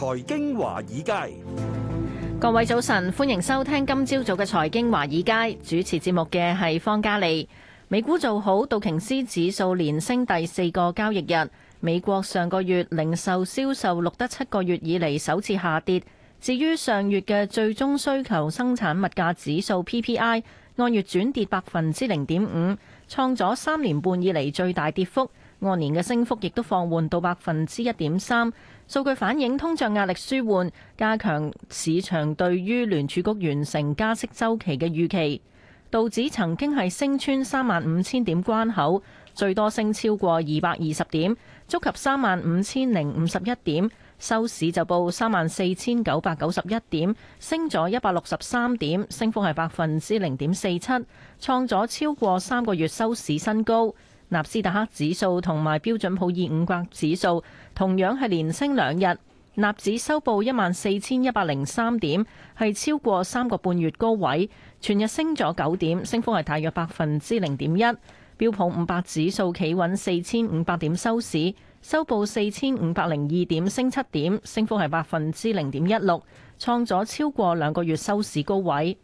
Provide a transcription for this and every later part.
財經華爾街，各位早晨，歡迎收聽今朝早嘅財經華爾街，主持節目嘅係方嘉利。美股做好，道瓊斯指數連升第四個交易日。美國上個月零售銷售錄得七個月以嚟首次下跌。至於上月嘅最終需求生產物價指數 PPI，按月轉跌百分之零點五，創咗三年半以嚟最大跌幅。按年嘅升幅亦都放緩到百分之一點三，數據反映通脹壓力舒緩，加強市場對於聯儲局完成加息周期嘅預期。道指曾經係升穿三萬五千點關口，最多升超過二百二十點，觸及三萬五千零五十一點，收市就報三萬四千九百九十一點，升咗一百六十三點，升幅係百分之零點四七，創咗超過三個月收市新高。納斯達克指數同埋標準普爾五百指數同樣係連升兩日，納指收報一萬四千一百零三點，係超過三個半月高位，全日升咗九點，升幅係大約百分之零點一。標普五百指數企穩四千五百點收市，收報四千五百零二點，升七點，升幅係百分之零點一六，創咗超過兩個月收市高位。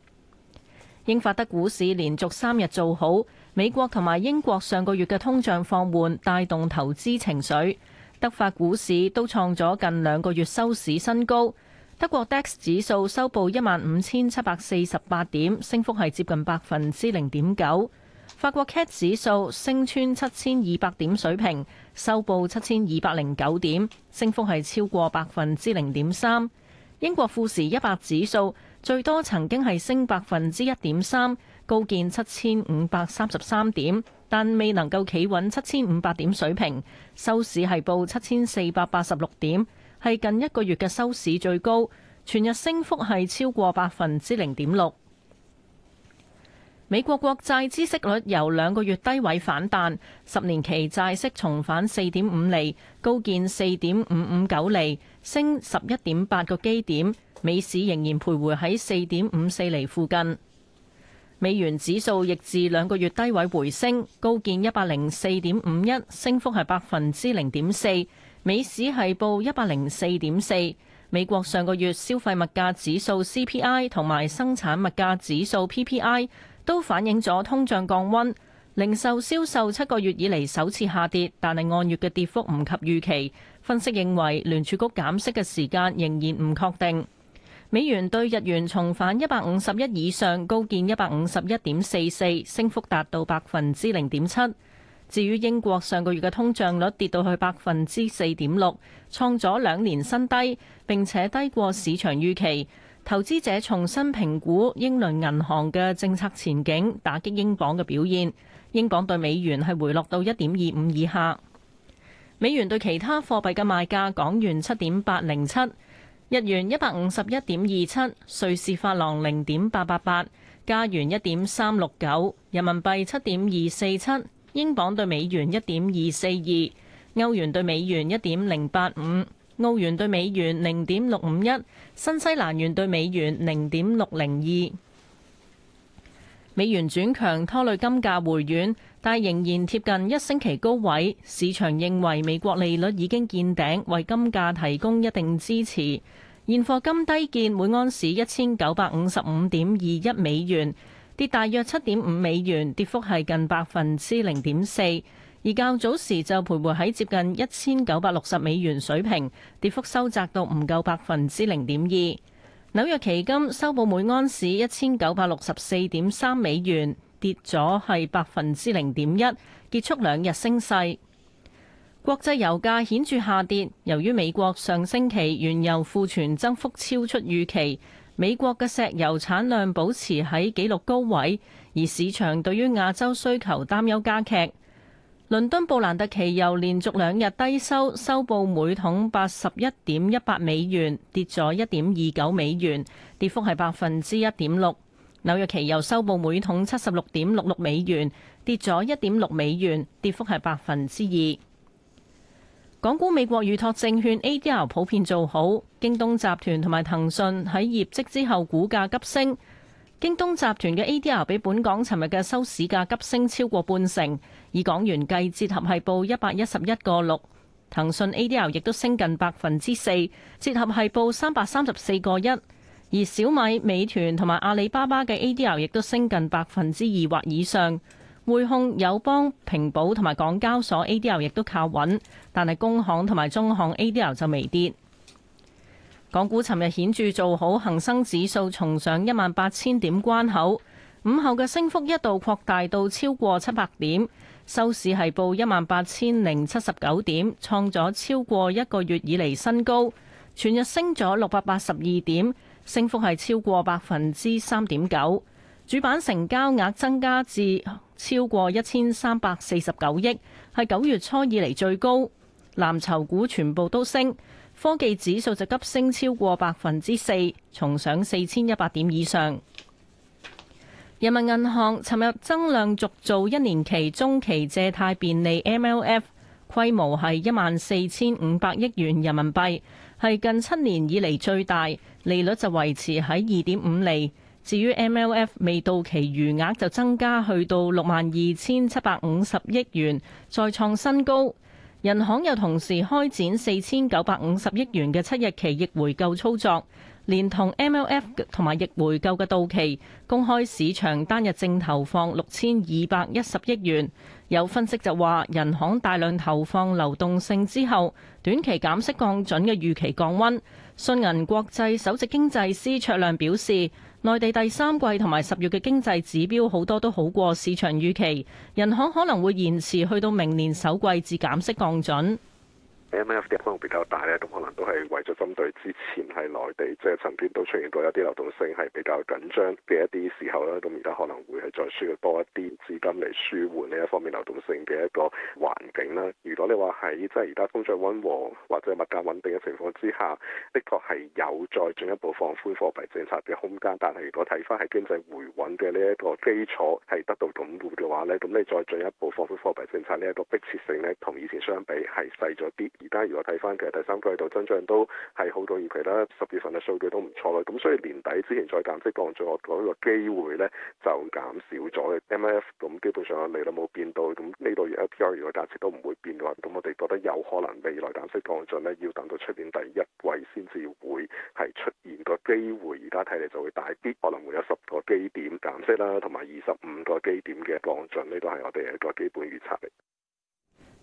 英法德股市連續三日做好。美國同埋英國上個月嘅通脹放緩，帶動投資情緒，德法股市都創咗近兩個月收市新高。德國 DAX 指數收報一萬五千七百四十八點，升幅係接近百分之零點九。法國 CAC 指數升穿七千二百點水平，收報七千二百零九點，升幅係超過百分之零點三。英國富時一百指數最多曾經係升百分之一點三。高見七千五百三十三點，但未能夠企穩七千五百點水平。收市係報七千四百八十六點，係近一個月嘅收市最高。全日升幅係超過百分之零點六。美國國債孳息率由兩個月低位反彈，十年期債息重返四點五厘，高見四點五五九厘，升十一點八個基點。美市仍然徘徊喺四點五四厘附近。美元指數逆至兩個月低位回升，高見一百零四點五一，升幅係百分之零點四。美市係報一百零四點四。美國上個月消費物價指數 CPI 同埋生產物價指數 PPI 都反映咗通脹降溫。零售銷售七個月以嚟首次下跌，但係按月嘅跌幅唔及預期。分析認為聯儲局減息嘅時間仍然唔確定。美元兌日元重返一百五十一以上，高見一百五十一點四四，升幅達到百分之零點七。至於英國上個月嘅通脹率跌到去百分之四點六，創咗兩年新低，並且低過市場預期。投資者重新評估英倫銀行嘅政策前景，打擊英鎊嘅表現，英鎊兌美元係回落到一點二五以下。美元對其他貨幣嘅賣價，港元七點八零七。日元一百五十一點二七，瑞士法郎零點八八八，加元一點三六九，人民幣七點二四七，英鎊對美元一點二四二，歐元對美元一點零八五，澳元對美元零點六五一，新西蘭元對美元零點六零二。美元轉強拖累金價回軟，但係仍然貼近一星期高位。市場認為美國利率已經見頂，為金價提供一定支持。現貨金低見每盎司一千九百五十五點二一美元，跌大約七點五美元，跌幅係近百分之零點四。而較早時就徘徊喺接近一千九百六十美元水平，跌幅收窄到唔夠百分之零點二。紐約期金收報每安士一千九百六十四點三美元，跌咗係百分之零點一，結束兩日升勢。國際油價顯著下跌，由於美國上星期原油庫存增幅超出預期，美國嘅石油產量保持喺紀錄高位，而市場對於亞洲需求擔憂加劇。倫敦布蘭特期油連續兩日低收，收報每桶八十一點一八美元，跌咗一點二九美元，跌幅係百分之一點六。紐約期油收報每桶七十六點六六美元，跌咗一點六美元，跌幅係百分之二。港股美國預託證券 ADR 普遍做好，京東集團同埋騰訊喺業績之後股價急升。京東集團嘅 ADR 比本港尋日嘅收市價急升超過半成，以港元計，折合係報一百一十一個六。騰訊 ADR 亦都升近百分之四，折合係報三百三十四個一。而小米、美團同埋阿里巴巴嘅 ADR 亦都升近百分之二或以上。匯控、友邦、平保同埋港交所 ADR 亦都靠穩，但係工行同埋中行 ADR 就微跌。港股尋日顯著做好，恒生指數重上一萬八千點關口。午後嘅升幅一度擴大到超過七百點，收市係報一萬八千零七十九點，創咗超過一個月以嚟新高。全日升咗六百八十二點，升幅係超過百分之三點九。主板成交額增加至超過一千三百四十九億，係九月初以嚟最高。藍籌股全部都升。科技指數就急升超過百分之四，重上四千一百點以上。人民銀行尋日增量續做一年期中期借貸便利 MLF 規模係一萬四千五百億元人民幣，係近七年以嚟最大，利率就維持喺二點五厘。至於 MLF 未到期餘額就增加去到六萬二千七百五十億元，再創新高。人行又同時開展四千九百五十億元嘅七日期逆回購操作，連同 MLF 同埋逆回購嘅到期，公開市場單日淨投放六千二百一十億元。有分析就話，人行大量投放流動性之後，短期減息降準嘅預期降溫。信銀國際首席經濟師卓亮表示。內地第三季同埋十月嘅經濟指標好多都好過市場預期，人行可能會延遲去到明年首季至減息降準。M.F. 嘅規模比較大咧，咁可能都係為咗針對之前係內地即係、就是、曾經都出現過一啲流動性係比較緊張嘅一啲時候啦，咁而家可能會係再需要多一啲資金嚟舒緩呢一方面流動性嘅一個環境啦。如果你話喺即係而家通脹溫和或者物價穩定嘅情況之下，的確係有再進一步放寬貨幣政策嘅空間，但係如果睇翻喺經濟回穩嘅呢一個基礎係得到鞏固嘅話咧，咁你再進一步放寬貨幣政策呢一個迫切性咧，同以前相比係細咗啲。而家如果睇翻，嘅第三季度增長都係好過預期啦。十月份嘅數據都唔錯啦。咁所以年底之前再減息降準嗰個機會咧就減少咗。MLF 咁基本上利率冇變到，咁呢度 L P R 如果減值都唔會變嘅話，咁我哋覺得有可能未來減息降準咧，要等到出年第一季先至會係出現個機會。而家睇嚟就會大啲，可能會有十個基點減息啦，同埋二十五個基點嘅降準，呢個係我哋一個基本預測嚟。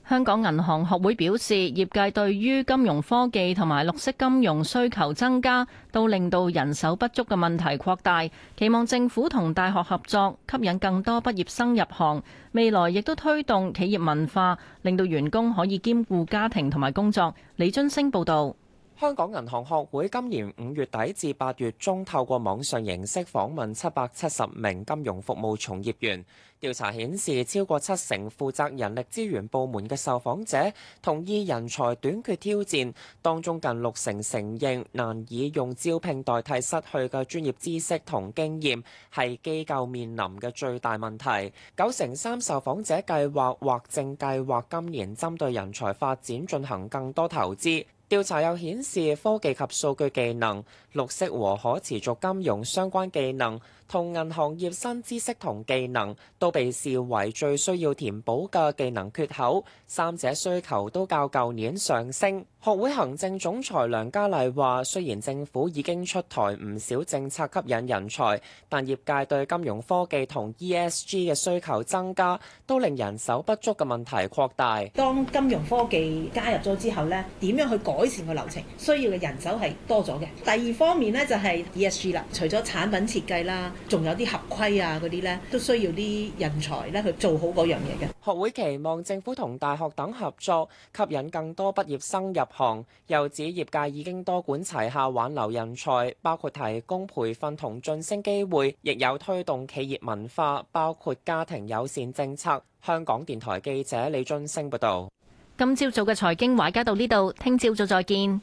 香港銀行學會表示，業界對於金融科技同埋綠色金融需求增加，都令到人手不足嘅問題擴大。期望政府同大學合作，吸引更多畢業生入行。未來亦都推動企業文化，令到員工可以兼顧家庭同埋工作。李津升報道。香港銀行學會今年五月底至八月中，透過網上形式訪問七百七十名金融服務從業員。調查顯示，超過七成負責人力資源部門嘅受訪者同意人才短缺挑戰，當中近六成承認難以用招聘代替失去嘅專業知識同經驗係機構面臨嘅最大問題。九成三受訪者計劃或正計劃今年針對人才發展進行更多投資。調查又顯示，科技及數據技能、綠色和可持續金融相關技能，同銀行業新知識同技能都被視為最需要填補嘅技能缺口，三者需求都較舊年上升。學會行政總裁梁家麗話，雖然政府已經出台唔少政策吸引人才，但業界對金融科技同 ESG 嘅需求增加，都令人手不足嘅問題擴大。當金融科技加入咗之後呢，點樣去改善個流程，需要嘅人手係多咗嘅。第二方面呢，就係 ESG 啦，除咗產品設計啦。仲有啲合規啊嗰啲咧，都需要啲人才咧去做好嗰樣嘢嘅。學會期望政府同大學等合作，吸引更多畢業生入行。又指業界已經多管齊下挽留人才，包括提供培訓同晉升機會，亦有推動企業文化，包括家庭友善政策。香港電台記者李津升報道。今朝早嘅財經華爾街到呢度，聽朝早再見。